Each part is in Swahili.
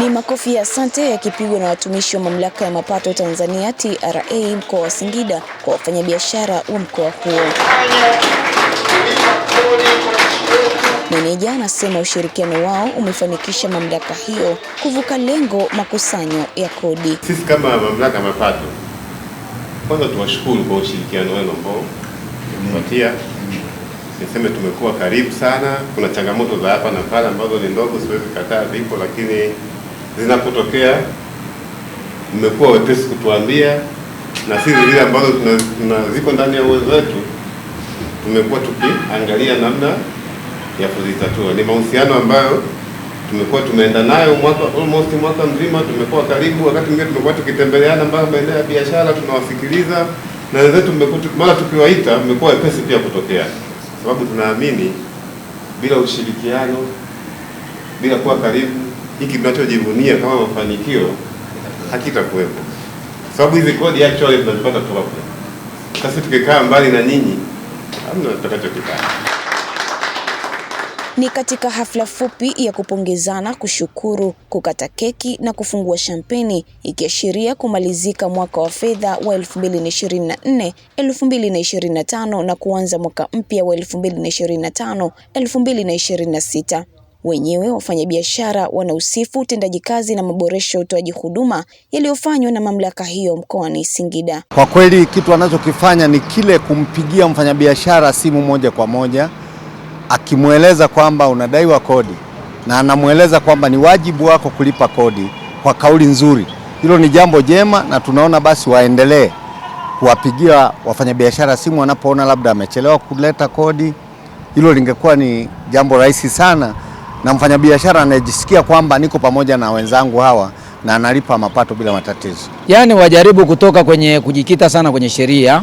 Ni makofi ya asante yakipigwa na watumishi wa mamlaka ya mapato Tanzania TRA mkoa wa Singida kwa wafanyabiashara wa mkoa huo. Meneja anasema ushirikiano wao umefanikisha mamlaka hiyo kuvuka lengo makusanyo ya kodi. Sisi kama mamlaka ya mapato, kwanza tuwashukuru kwa ushirikiano wenu ambao tumepatia. Niseme tumekuwa karibu sana. Kuna changamoto za hapa na pale ambazo ni ndogo, siwezi kataa, zipo lakini zinapotokea, mmekuwa wepesi kutuambia, na sisi zile ambazo ziko ndani ya uwezo wetu tumekuwa tukiangalia namna ya kuzitatua. Ni mahusiano ambayo tumekuwa tumeenda nayo mwaka almost mwaka mzima, tumekuwa karibu, wakati mwingine tumekuwa tukitembeleana mpaka maeneo ya biashara, tunawasikiliza na wenzetu, mara tukiwaita mmekuwa wepesi pia kutokea, sababu tunaamini bila ushirikiano, bila kuwa karibu hiki tunachojivunia kama mafanikio hakitakuwepo, sababu hizi kodi actually tunazipata kutoka kule. Sasa tukikaa mbali na nyinyi, hamna tutakachokipata. Ni katika hafla fupi ya kupongezana, kushukuru, kukata keki na kufungua shampeni, ikiashiria kumalizika mwaka wa fedha wa 2024 2025 na kuanza mwaka mpya wa 2025 2026. Wenyewe wafanyabiashara wanausifu utendaji kazi na maboresho ya utoaji huduma yaliyofanywa na mamlaka hiyo mkoani Singida. Kwa kweli kitu anachokifanya ni kile kumpigia mfanyabiashara simu moja kwa moja akimweleza kwamba unadaiwa kodi na anamweleza kwamba ni wajibu wako kulipa kodi kwa kauli nzuri. Hilo ni jambo jema na tunaona basi waendelee kuwapigia wafanyabiashara simu wanapoona labda amechelewa kuleta kodi. Hilo lingekuwa ni jambo rahisi sana na mfanyabiashara anajisikia kwamba niko pamoja na wenzangu hawa na analipa mapato bila matatizo. Yaani wajaribu kutoka kwenye kujikita sana kwenye sheria,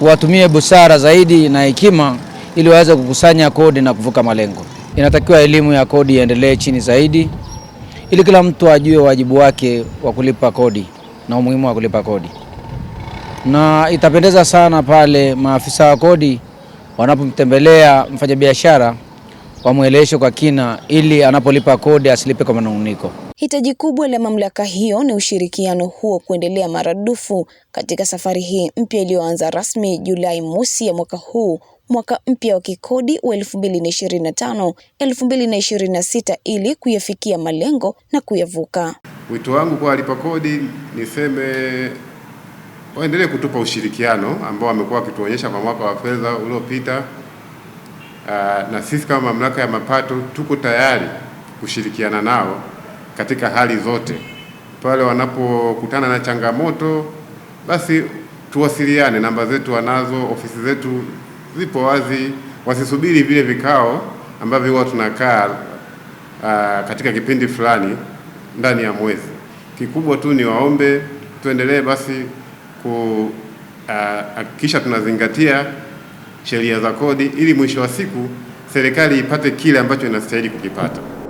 watumie busara zaidi na hekima ili waweze kukusanya kodi na kuvuka malengo. Inatakiwa elimu ya kodi iendelee chini zaidi ili kila mtu ajue wajibu wake wa kulipa kodi na umuhimu wa kulipa kodi, na itapendeza sana pale maafisa wa kodi wanapomtembelea mfanyabiashara wamweleweshe kwa kina ili anapolipa kodi asilipe kwa manunguniko. Hitaji kubwa la mamlaka hiyo ni ushirikiano huo kuendelea maradufu katika safari hii mpya iliyoanza rasmi Julai mosi ya mwaka huu, mwaka mpya wa kikodi wa 2025 2026, ili kuyafikia malengo na kuyavuka. Wito wangu kwa walipa kodi niseme waendelee kutupa ushirikiano ambao wamekuwa wakituonyesha kwa mwaka wa fedha uliopita. Ah, na sisi kama mamlaka ya mapato tuko tayari kushirikiana nao katika hali zote. Pale wanapokutana na changamoto, basi tuwasiliane, namba zetu wanazo, ofisi zetu zipo wazi, wasisubiri vile vikao ambavyo huwa tunakaa uh, katika kipindi fulani ndani ya mwezi. Kikubwa tu ni waombe tuendelee basi kuhakikisha ah, uh, tunazingatia sheria za kodi, ili mwisho wa siku serikali ipate kile ambacho inastahili kukipata.